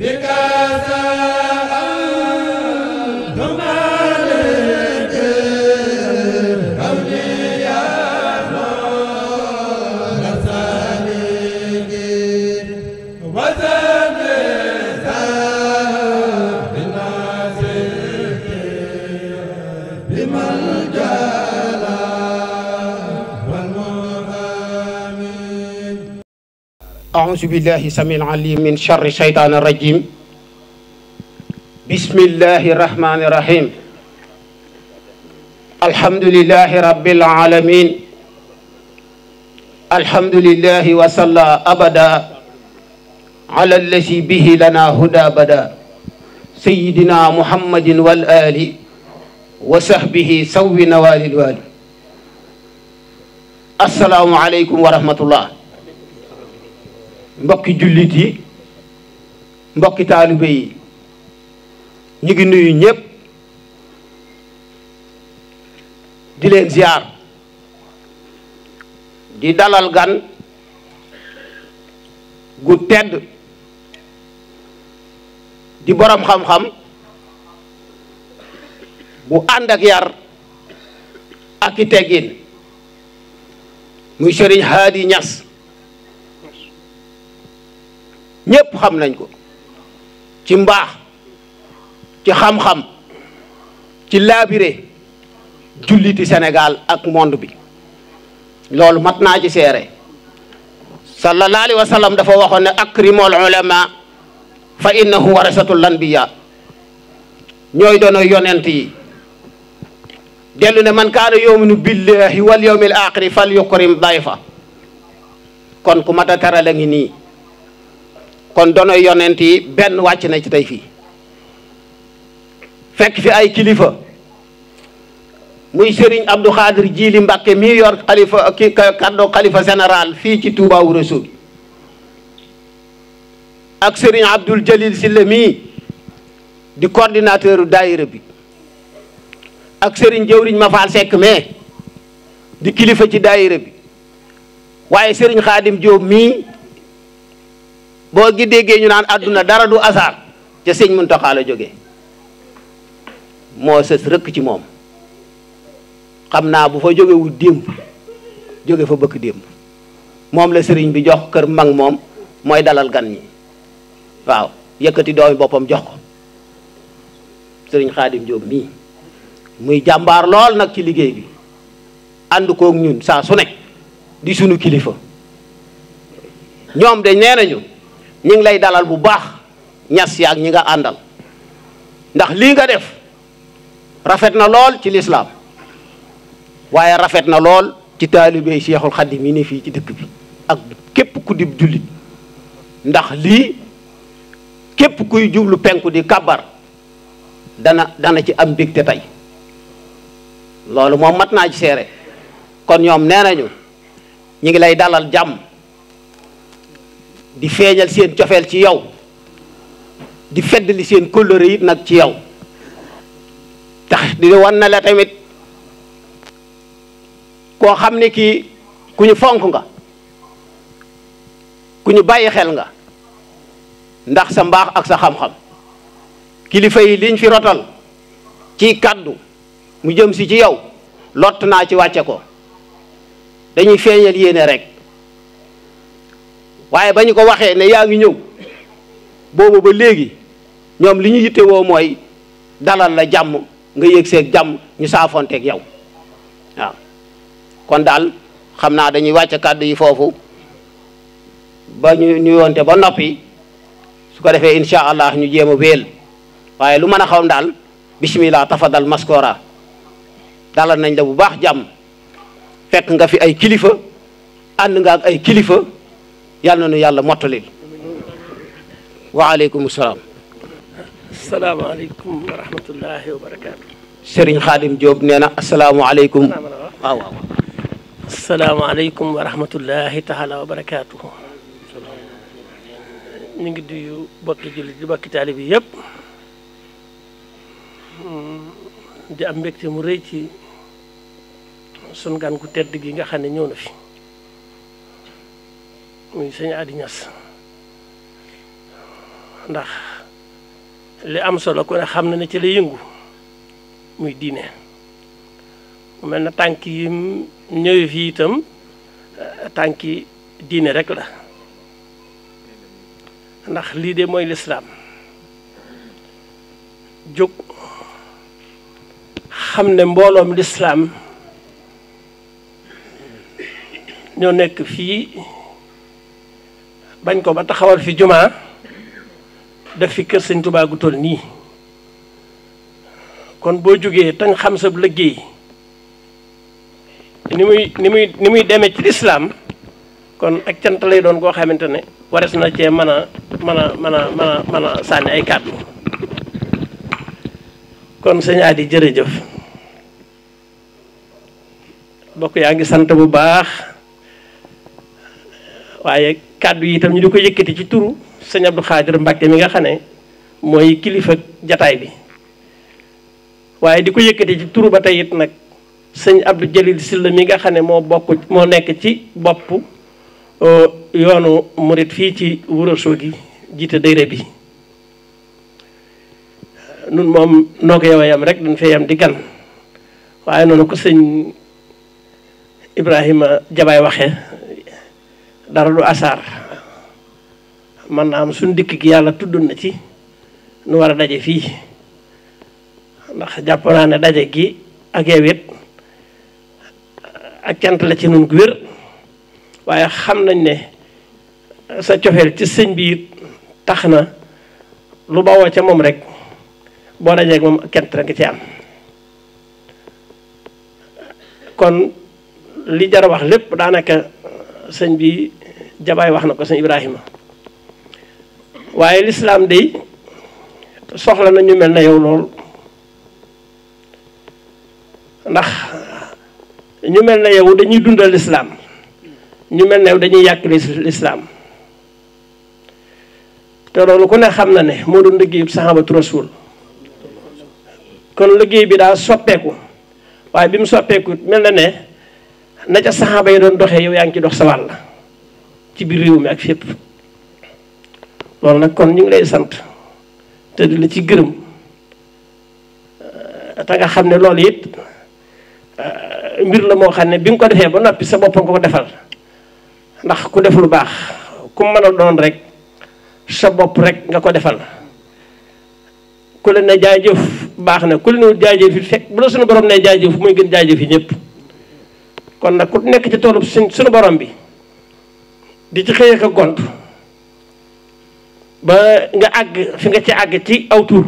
bi أعوذ بالله سميع العليم من شر الشيطان الرجيم بسم الله الرحمن الرحيم الحمد لله رب العالمين الحمد لله وصلى أبدا على الذي به لنا هدى بدا سيدنا محمد والآل وصحبه سوي نوال الوال السلام عليكم ورحمة الله mbokki jullit yi mbokki taalibe yi ñu ngi nuyu ñëpp di leen ziar di dalal gan gu tedd di borom xam-xam bu ànd ak yar ak i teggin muy Serigne Hadi Niass ñépp xam nañ ko ci mbaax ci xam-xam ci laabire julliti senegal ak mond bi loolu mat naa ci seere sallallahu alayhi wa sallam dafa waxoon ne akrimul ulama fa innahum warasatul anbiya ñooy doono yonent yi dellu ne man kaana yuminu billahi wal yawmil axiri fal yukrim dayfa kon ku mat a terale ngi nii kon dono yonent yi benn wàcc na ci tey fii fekk fi ay kilifa muy Serigne Abdou Khadir Jili Mbacke mii yor xalifa kaddo xalifa général fii ci Touba Wu Rasul ak Serigne Abdoul Jalil Silla mii di coordinateur daayira bi ak sëriñ Jëwriñ ma faal sekk mais di kilifa ci daayira bi waaye Serigne Khadim Diop mii boo gi déggee ñu naan àdduna dara du hasard ca sëñ Muntaxa la jóge moo sës rëkk ci moom xam naa bu fa jógewul démb jóge fa bëkk démb moom la sëriñ bi jox kër mag moom mooy dalal gan ñi waaw yëkkati doomi boppam jox ko sëriñ Xaadim Jóob mii muy jàmbaar lool nag ci liggéey bi ànd koog ñun saa su ne di sunu kilifa ñoom de nee nañu ñi ngi lay dalal bu baax ñass yaak ñi nga andal ndax li nga def rafet na lool ci l'islam waaye rafet na lool ci talibé cheikhul khadim yi ne fii ci dëkk bi ak képp ku dib julit ndax lii képp kuy jublu penku di kabar dana dana ci am mbégte tey loolu moom mat naa ci seere kon ñoom nee nañu ñi ngi lay dalal jàmm di feeñal seen cofeel ci yow di feddali seen kóllëre yi nag ci yow tax di wan na la tamit koo xam ne kii ku ñu fonk nga ku ñu bàyyi xel nga ndax sa mbaax ak sa xam-xam kilifa yi liñ fi rotal ci kàddu mu jëm si ci yow lot naa ci wàcce ko dañuy feeñal yéene rek waaye ba ñu ko waxee ne yaa ngi ñëw boobu ba léegi ñoom li ñu woo mooy dalal la jàmm nga yëg seeg jàmm ñu saafonteeg yow waaw kon daal xam naa dañuy wàcc kàddu yi foofu ba ñu nuyoonte ba noppi su ko defee incha allah ñu jéem a wéel waaye lu mën a xaw daal bismillah tafadal maskora dalal nañ la bu baax jàmm fekk nga fi ay kilifa ànd nga ay kilifa yàlla na nu yàlla mottali waaleykum salaam. salaamaaleykum wa rahmatullahi wa barakaatu. Serigne Khadim Diop nee na asalaamualeykum. waaw waaw. salaamaaleykum wa rahmatullahi taala wa barakaatu. ñu ngi duyu bokki jullit mm, di bokki taalib yi mu rëy ci sunu gan gu tedd gi nga xam ne ñëw fi. muy sëñ Adi ndax li am solo ku xam na ne ci la yëngu muy diine mu mel na tànk yi ñëwee fii itam eh, tànki diine rek la ndax lii de mooy lislaam jóg xam ne mbooloom lislaam ñoo nekk fii bañ ko ba taxawal fi juma def fi kër sëñ touba gu kon bojuge jógee tan xam sa liggéey ni muy ni muy ni muy demee ci l'islam kon ak cant lay doon go xamantene ne wares na ci mana mana mana mana mana a ay kàddu kon sëñ Adi jërëjëf bokk yaangi sante bu baax waaye kàddu yi itam ñu di ko yëkkati ci turu sëñ Abdou Khadir Mbacke mi nga xam ne mooy kilifa jataay bi waaye di ko yëkkati ci turu ba tey nag sëñ Abdou Jalil Silla mi nga xam ne moo bokk moo nekk ci bopp yoonu murit fii ci Wourossogui gi jiite dayre bi nun moom noo ko yow yam rek dañ fee yam di gan waaye noonu ko sëñ Ibrahima Jabaay waxe dara du asaar man naa am suñ dikk gi yàlla tudd na ci nu war a daje fii ndax jàpp naa ne daje gi ak yow ak kent la ci nun gu waaye xam nañ ne sa cofeel ci sëñ bi tax na lu bawoo ca moom rekk boo dajeeg moom cant rek nga ci am kon li jar wax lépp daanaka sëñ bi jabaay wax na ko sëñ Ibrahima waaye lislaam day soxla na ñu mel na yow lool ndax ñu mel na yow dañuy dundal lislaam ñu mel na yow dañuy yàq lislaam te loolu ku ne xam na ne moo doon liggéeyu saxaabatu sol kon liggéey bi daa soppeeku waaye bi mu soppeeku mel na ne na ca saxaaba yi doon doxee yow yaa ngi ci dox sa la ci bir réew mi ak fépp loolu nag kon ñu ngi lay sant te di la ci gërëm euh, te nga xam ne loolu it euh, mbir la moo xam ne bi nga ko defee ba noppi sa bopp nga ko defal ndax ku def lu baax ku mën a doon rek sa bopp rek nga ko defal ku leen ne jaajëf baax na ku leen jaajëf it fekk bu la suñu borom ne jaajëf muy gën jaajëf yi ñëpp kon nag ku nekk ci toolu suñu borom bi di ci xëy ak gont ba nga àgg fi nga ci àgg ci aw tur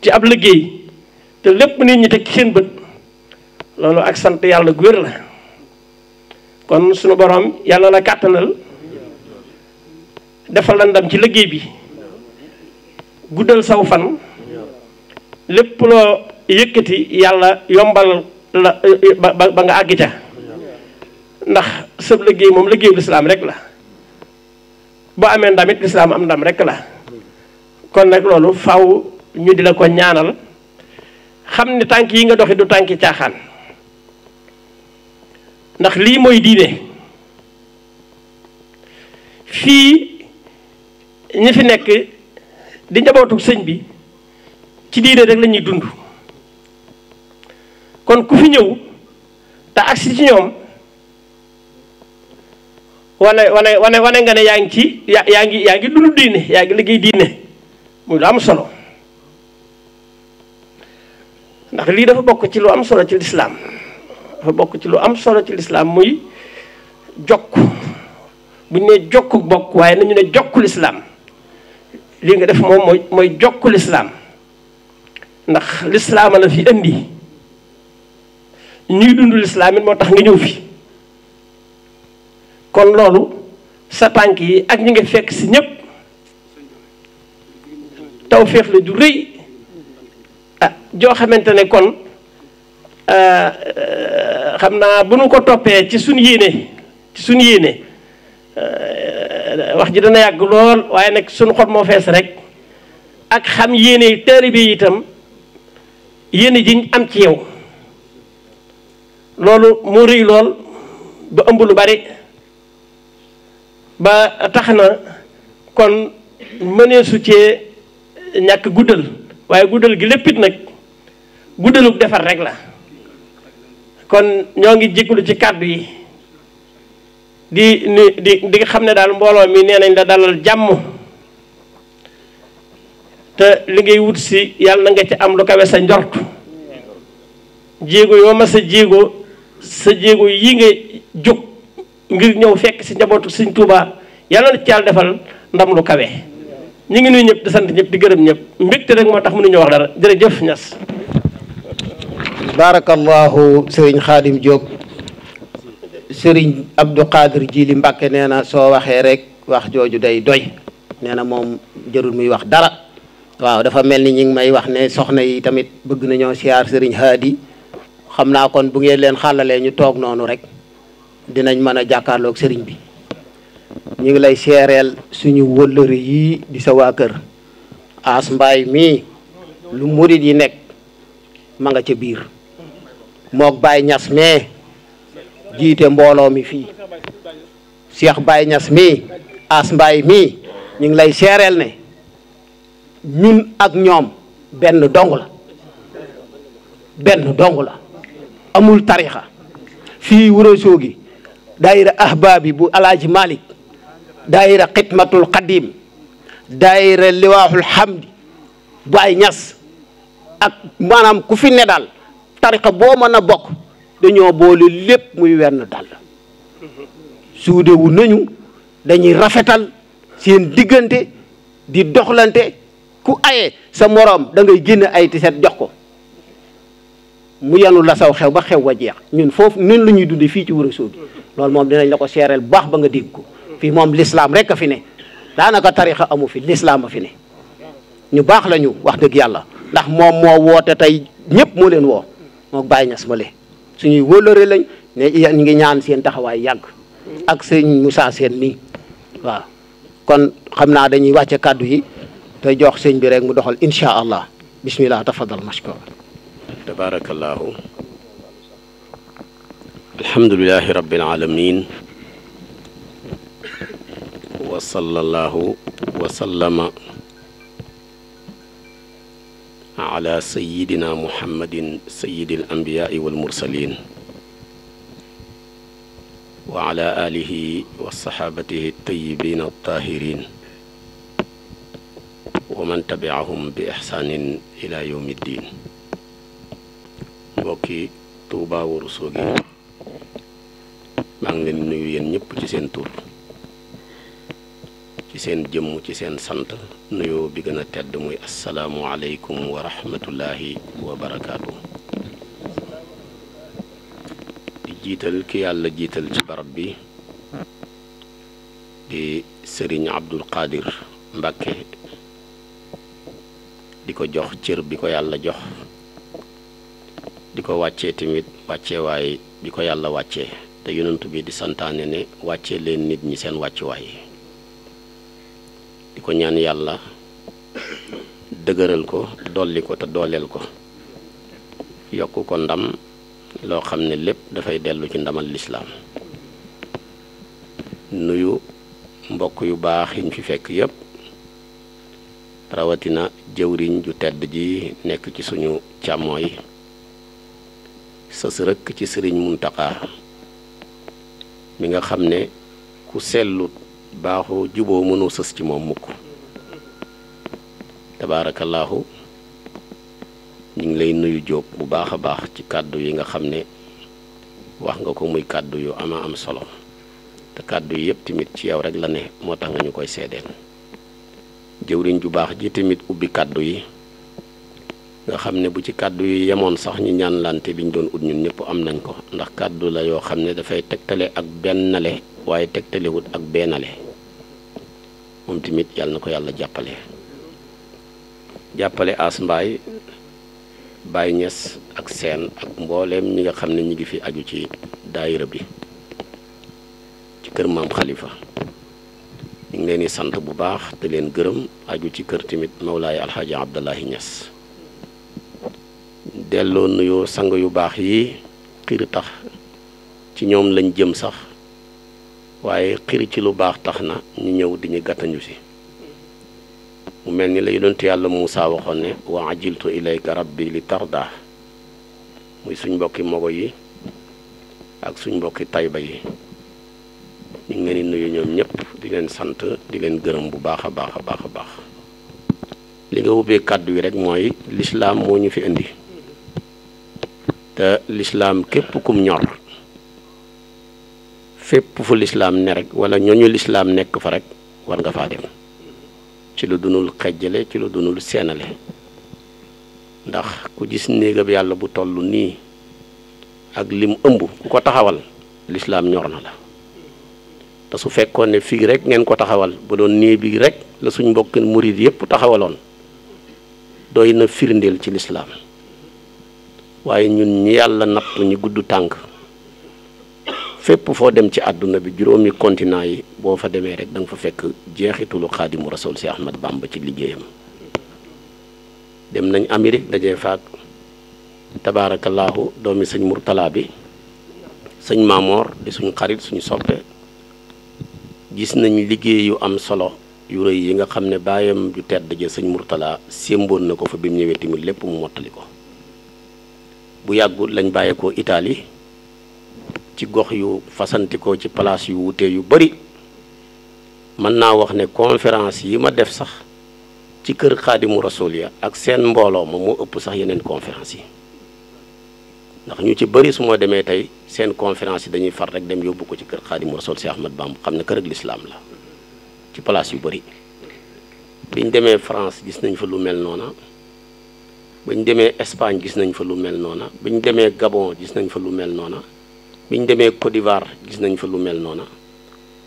ci ab liggéey te lépp nit ñi teg ci seen bët loolu ak sant yàlla gu la kon sunu borom yàlla la kàttanal defal la ndam ci liggéey bi guddal saw fan lépp loo yëkkati yàlla yombal la ba ba nga àgg ca ndax sëb liggéey moom liggéeyu lislaam rek la boo amee ndam it lislaam am ndam rekk la kon nag loolu faw ñu di la ko ñaanal xam ne tànk yi nga doxi du tànki caaxaan ndax lii mooy diine fii ñi fi nekk di njabootu sëñ bi ci diine rek lañuy dund kon ku fi ñëw te agsi ci ñoom wane wane wane wane nga ne yaa ngi ci yaa ngi yaa ngi dund diine yaa ngi liggéey diine muy lu am solo ndax lii dafa bokk ci lu am solo ci lislaam dafa bokk ci lu am solo ci lislaam muy jokk bu ñu nee jokku bokk waaye nañu ne jokku lislaam lii nga def moom mooy mooy lislaam ndax lislaama la fi indi ñuy dund lislaam moo tax nga ñëw fi kon loolu sa tànk yi ak ñu nga fekk si ñépp taw féex la ju rëy ah joo xamante ne kon ah, ah, xam naa bu nu ko toppee ci suñ yéene ci suñ yéene ah, wax ji dana yàgg lool waaye nag suñu xot moo fees rek ak xam yéene taalibe yi itam yéene jiñ am ci yow loolu moo rëy lool ba ëmb lu bari ba tax na kon su cee ñàkk guddal waaye guddal gi léppit nag guddaluk defar rek la kon ñoo ngi jéggalu ci kàddu yi di di di nga xam ne daal mbooloo mi nee nañ la dalal jàmm te li ngay wut si yàlla na nga ci am lu kawe sa njort jéego yoo ma sa jéego sa jéego yi nga jóg ngir ñëw fekk si njabootu sëñ Touba yàlla na ci yàlla defal ndam lu kawe. ñu ngi nuyu ñëpp di sant ñëpp di gërëm ñëpp mbégte rek moo tax mënuñu wax dara jërëjëf Niass. barakallahu Serigne Khadim Diop Serigne Abdou Khadir Jili Mbacke nee na soo waxee rek wax jooju day doy nee na moom jërul muy wax dara. waaw dafa mel ni ñi ngi may wax ne soxna yi tamit bëgg nañoo siyaar Serigne Hadi xam naa kon bu ngeen leen xàllalee ñu toog noonu rek. dinañ mën a jàkkaarloog sëriñ bi ñu ngi lay seereel suñu wëllëri yi di sa waa kër as mbaay mii lu murit yi nekk ma nga ca biir moog Baye Niass mee jiite mbooloo mi fii Cheikh Baye Niass mii as mbaay mii ñu ngi lay seereel ne ñun ak ñoom benn dong la benn dong la amul tarixa fii gi daira ahbabi bu alaaji malik daira xidmatul Qadim, daira liwahul Hamdi, bu ay ak manam ku fi ne tariqa bo meuna a dañu boole lepp muy wern dal wu nañu dañuy rafetal seen digënté di doxlanté ku aye sa morom da ngay genn ay tiset jox ko mu yanu la saw xew ba xew wa ñun fofu ñun dundé fi ci wuro loolu moom dinañ la ko seereel bu baax ba nga dégg ko fi moom l'islam rek a fi ne daanaka tarixa amu fi l'islam a fi ne ñu baax la ñu wax dëgg yàlla ndax moom moo woote tey ñëpp moo leen woo moo bàyyi ñas ma le suñuy wólëre lañ ne ñu ngi ñaan seen taxawaay yàgg ak sëñ Moussa Seen nii waaw kon xam naa dañuy wàcce kàddu yi te jox sëñ bi rek mu doxal incha allah bismillah tafadal mashkur tabarakallahu الحمد لله رب العالمين وصلى الله وسلم على سيدنا محمد سيد الأنبياء والمرسلين وعلى آله وصحابته الطيبين الطاهرين ومن تبعهم بإحسان إلى يوم الدين وكي توبا Ourossogui mang leen nuyu yeen ñepp ci seen tur ci seen jëm ci seen sante nuyu bi gëna tedd muy alaykum wa rahmatullahi wa barakatuh di jital ki yalla jital ci barab bi di serigne Abdul Qadir mbacke di ko jox cër bi ko yalla jox di ko timit wacce way diko ko wacce te yonent bi di santaane ne wàcce leen nit ñi seen wàccuwaay di ko ñaan yàlla dëgëral ko dolli ko te dooleel ko yokk ko ndam loo xam ne lépp dafay dellu ci ndamal lislaam nuyu mbokk yu baax yiñ fi fekk yépp rawatina jëwriñ ju tedd ji nekk ci suñu càmmooy sës rëkk ci sëriñ Muntaxa mi nga xam ne ku sellut baaxoo juboo mënoo sës ci moom mukk tabaarakallaahu ñu ngi lay nuyu jóob bu baax a baax ci kàddu yi nga xam ne wax nga ko muy kàddu yu ama am solo te kàddu yi yëpp tamit ci yow rek la ne moo tax nga ñu koy seedeel jëwriñ ju baax ji tamit ubbi kàddu yi nga xam ne bu ci kàddu yi yemoon sax ñu ñaan lante bi ñu doon ut ñun ñëpp am nañ ko ndax kàddu la yoo xam ne dafay tegtale ak bennale waaye tegtalewut ak bennale moom tamit yàlla na ko yàlla jàppale jàppale As mbaay baay Niass ak seen ak mbooleem ñi nga xam ne ñu ngi fi aju ci daayira bi ci kër maam xalifa ñu ngi leen di sant bu baax te leen gërëm aju ci kër tamit Mawlaay Alxaaji Abdallahi Niass delloo nuyoo sang yu baax yi xir tax ci ñoom lañ jëm sax waaye xir ci lu baax tax na ñu ñëw di ñu gàttañu si mu mel ni la yonentu yàlla Muusaa waxoon ne wa ajiltu garab rabbi li tarda muy suñ mbokki mogo yi ak suñ mbokki tayba yi ñu ngi leen di nuyu ñoom ñëpp di leen sant di leen gërëm bu baax a baax a baax a baax li nga ubbee kàddu wi rek mooy lislaam moo ñu fi indi lislaam képp kum ñor fépp fu lislaam ne rek wala ñooñu lislaam nekk fa rek war nga faa dem ci lu dunul xejjale ci lu dunul seenale ndax ku gis néegab yàlla bu toll nii ak lim ëmb ku ko taxawal lislaam ñor na la te su fekkoon ne fii rek ngeen ko taxawal ba doon nii bi rek la suñ mbokk murid yépp taxawaloon doy na firndeel ci lislaam waaye ñun ñi yàlla nattu ñi gudd tànk fépp foo dem ci àdduna bi juróomi continent yi boo fa demee rek danga fa fekk jeexitulu xaadimu rasul si Ahmad Bamba ci liggéeyam dem nañ Amérique dajee faak tabaarakallaahu doomi sëñ Murtala bi sëñ Maamoor di suñu xarit suñu soppe gis nañu liggéey yu am solo yu rëy yi nga xam ne baayam ju tedd ja sëñ murtalaa simboon na ko fa bi mu ñëwee tamit lépp mu mottali ko bu yàggul lañ bàyyeekoo itaali ci gox yu fasantikoo ci place yu wute yu bari mën naa wax ne conférence yi ma def sax ci kër xaadimu rasul ya ak seen mbooloo ma moo ëpp sax yeneen conférence yi ndax ñu ci bëri su ma demee tey seen conférence yi dañuy far rek dem yóbbu ko ci kër xaadimu rasul si Ahmad Bamba xam ne kër ak lislaam la ci place yu bëri biñ demee France gis nañ fa lu mel noona bañ demee Espagne gis nañ fa lu mel noona bañ demee Gabon gis nañ fa lu mel noona biñ demee Côte gis nañ fa lu mel noona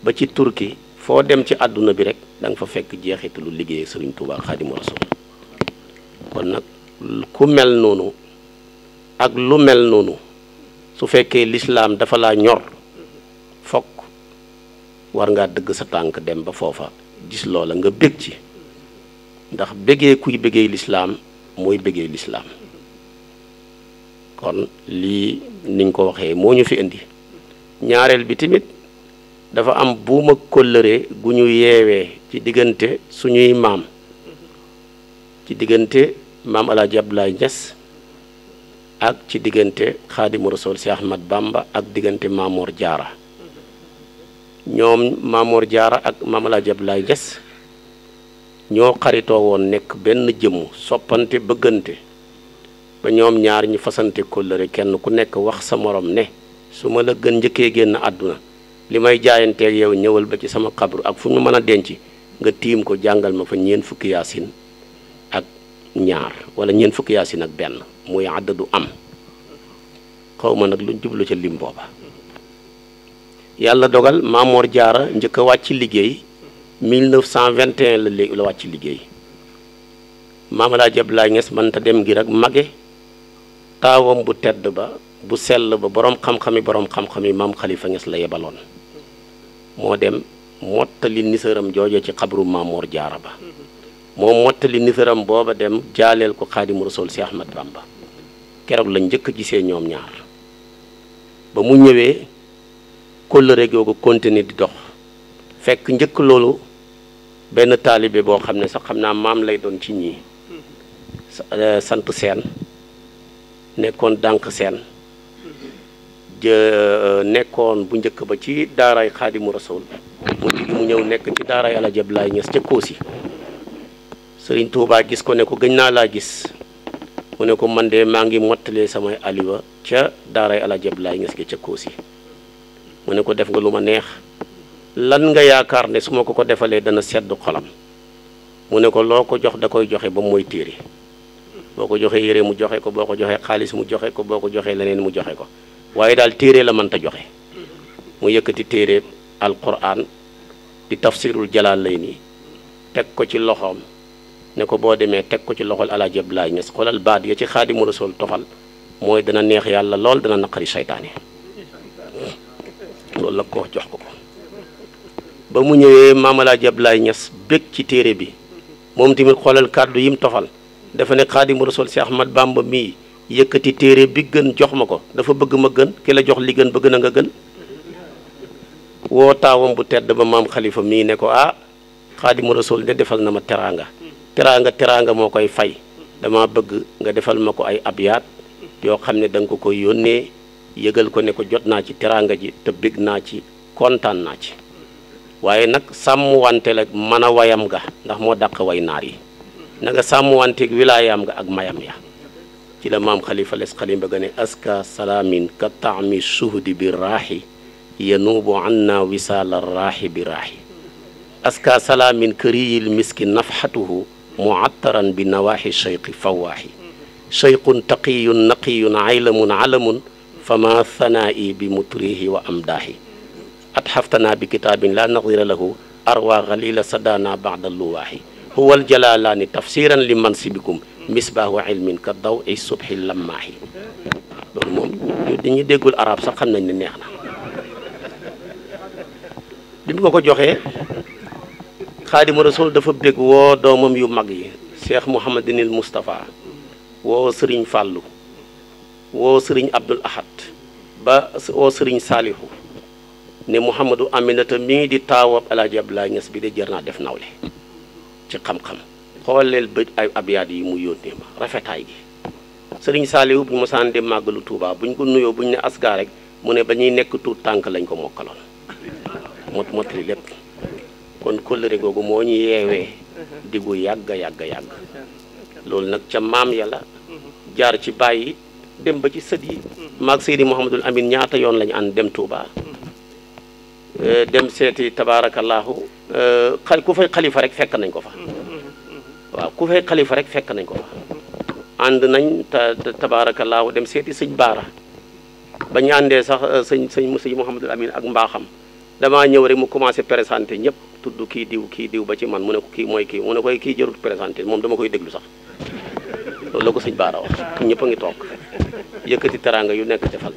ba ci turki foo dem ci àdduna bi rek da fa fekk jeexit lu liggéeyee Sëriñ Tuubaa Xaadimu Rasuul kon nag ku mel noonu ak lu mel noonu su fekkee lislaam dafa laa ñor fokk war ngaa dëgg sa tànk dem ba foofa gis loola nga bég ci ndax bégee kuy bëggee lislaam moy Islam, l'islam kon li niñ ko waxee moñu fi indi ñaarel bi timit dafa am buma kóllëre guñu yewé ci digënté suñuy imam ci diggante maam Alaaji Abdoulaye Niass ak ci digënté Xaadimu si Ahmad Bamba ak digënté mamour jara ñom mamour jara ak maam Alaaji Abdoulaye ñoo xaritoo woon nekk benn jëmm soppante bëggante ba ñoom ñaar ñu fasante kóllëre kenn ku nekk wax sa moroom ne su ma la gën njëkkee génn àdduna li may jaayanteeg yow ñëwal ba ci sama xabru ak fu ñu mën a denc nga tiim ko jàngal ma fa ñeen fukki yaasin ak ñaar wala ñeen fukki yaasin ak benn muy du am xaw ma nag lu jublu ca lim booba yàlla dogal Maamoor Jaara njëkk a wàcc liggéey 1921 la léegi la wàcc liggéey maam El Hadj Abdoulaye Niass mënta dem gi rek mage taawam bu tedd ba bu sell ba boroom xam-xami borom xam yi maam xalifa Niass la yebaloon moo dem mottali nisaram jooje ci xabru Maamoor Jaara ba moo mottali nisaram booba dem jaaleel ko Xaadimu Rasuul si Ahmad ba keroog la njëkk a gisee ñoom ñaar ba mu ñëwee kóllëre googu continuer di dox. fekk njëkk loolu benn taalibe boo xam ne sax xam naa maam lay doon ci ñii euh, sant seen nekkoon dànk seen euh, nekkoon bu njëkk ba ci daaray xaadimu rasul mu jigi mu ñëw nekk ci daaray Alaaji Abdoulaye Niass ca Koosi Sëriñ Tuubaa gis ko ne ko gën naa laa gis mu ne ko man de maa ngi mottalee samay aliwa ca daaray Alaaji Abdoulaye Niass gi ca Koosi mu ne ko def nga lu ma neex lan nga yaakaar ne su ma ko ko defalee dana sedd xolam mu ne ko loo ko jox da koy joxe ba mu mooy téere boo ko joxee yére mu joxe ko boo ko joxee xaalis mu joxe ko boo ko joxee leneen mu joxe ko waaye daal téere la mënta joxe mu yëkkati téere alquran di tafsirul nii teg ko ci loxoom ne ko boo demee teg ko ci loxol Alaaji Abdoulaye Niass xoolal baat ya ci Xaadimu Rasuul tofal mooy dana neex yàlla lool dana naqari seytaane loolu la ko jox ko ba mu ñëwee Maam Alaaji Abdoulaye Niass bég ci téere bi moom tamit xoolal kàddu yi mu tofal dafa ne Xaadimu Rasuul si Ahmad Bamba mii yëkkati téere bi gën jox ma ko dafa bëgg ma gën ki la jox li gën bëgg na nga gën woo taawam bu tedd ba maam xalifa mii ne ko ah Xaadimu Rasuul de defal na ma teraanga teraanga teraanga moo koy fay dama bëgg nga defal ma ko ay abyaat yoo xam ne danga nga ko koy yónnee yëgal ko ne ko jot naa ci teraanga ji te naa ci kontaan naa ci waaye nag sàmmwante la mën a wayam ga ndax mo dak way nar yi nga samu wante wilayam ga ak mayam ya ci la mam khalifa les khalim ba gane aska salamin ka taami suhdi bi raaxi yanuubu anna wisal raaxi bi raaxi aska salamin kariil miskin nafhatuhu muattaran bi nawahi shayqi fawahi cheyqun taqiyun naqiyun aylamun alamun fama thanaa'i bi mutrihi wa amdaaxi أتحفتنا بكتاب لا نظير له أروى غليل صدانا بعد اللواحي هو الجلالان تفسيرا لمنصبكم مصباح علم كالضوء الصبح اللماحي دي ني ديغول العرب سا خمنا ني نيهنا بيم كوكو جوخي خادم الرسول دا فا و دومم يو ماغي شيخ محمد بن المصطفى و سيرين فالو و سيرين عبد الاحد با و سيرين صالحو ne Mouhamadou Aminata mii di taawab El Hadj Abdoulaye Niass bi de jër naa def nawle ci xam-xam xooleel bët ay abyaat yi mu yónnee ma rafetaay gi sëriñ Saaliwu bu ñu mosaan dem màggalu tuubaa bu ñu ko nuyoo bu ñu ne askaa rek mu ne ba ñuy nekk tuut tànk lañ ko mokkaloon mot motali lépp kon kóllëre googu moo ñu yeewee diggu yàgga yàgg yàgg loolu nag ca maam yàlla jaar ci bàyyi dem ba ci sët yi maag Seydi Mouhamadul Amin ñaata yoon lañu ànd dem tuubaa Euh, dem seeti tabaarakallaahu euh, xal ku fay xalifa rek fekk nañ ko fa waaw ku fay xalifa rek fekk nañ ko fa ànd nañ ta tabaarakallaahu dem seeti sëñ baara ba ñu àndee sax euh, sëñ sëñ sëñ Mouhamadul Amin ak mbaaxam damaa ñëw rek mu commencé présenté ñëpp tudd kii diw kii diw ba ci man mu ne ko kii mooy kii mu ne koy kii jarul présenté moom dama koy déglu sax loolu la ko sëñ baara wax ñëpp a ngi toog yëkkati teraanga yu nekk defal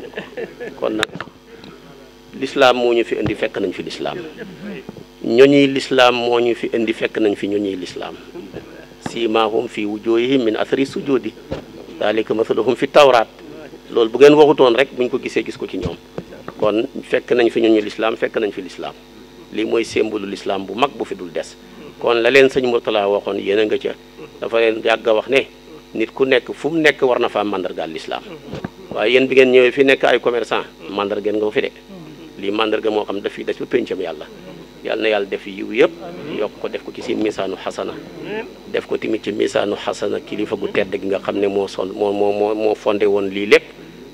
l'islam moo ñu fi indi fekk nañ fi l'islam ñoñi l'islam moo ñu fi indi fekk nañ fi ñoñi l'islam simahum fi wujuhihim min athri sujudi dalika mathaluhum fi tawrat lol bu ngeen waxuton rek buñ ko gisee gis ko ci ñoom kon fekk nañ fi ñoñi l'islam fekk nañ fi l'islam li moy sembulu l'islam bu mag bu fi dul dess kon la leen sëñ Murtala waxon yéen nga ci dafa leen yagga wax ne nit ku nekk fu mu nekk war na faa l'islam waaye yéen bi ngeen ñëwee fi nekk ay commerçant mandargeen nga fi de lii màndarga moo xam dafiy des ba péncam yàlla yàlla na yàlla def yiw yëpp yokk ko def ko ci seen misaanu xasana def ko tamit ci misaanu xasana kilifa gu tedd gi nga xam ne moo son moo moo moo fondé woon lii lépp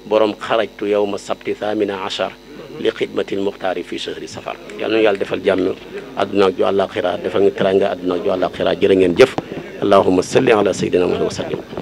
borom xarajtu yow ma sabti thamina achar li xidmatil muxtaari fi chahri safar yàlla na yàlla defal jàmm adduna ak ju àllaaxira defal nga teranga àdduna ak ju àllaaxira jërë ngeen jëf allahuma salli ala sayyidina muhammad wa sallim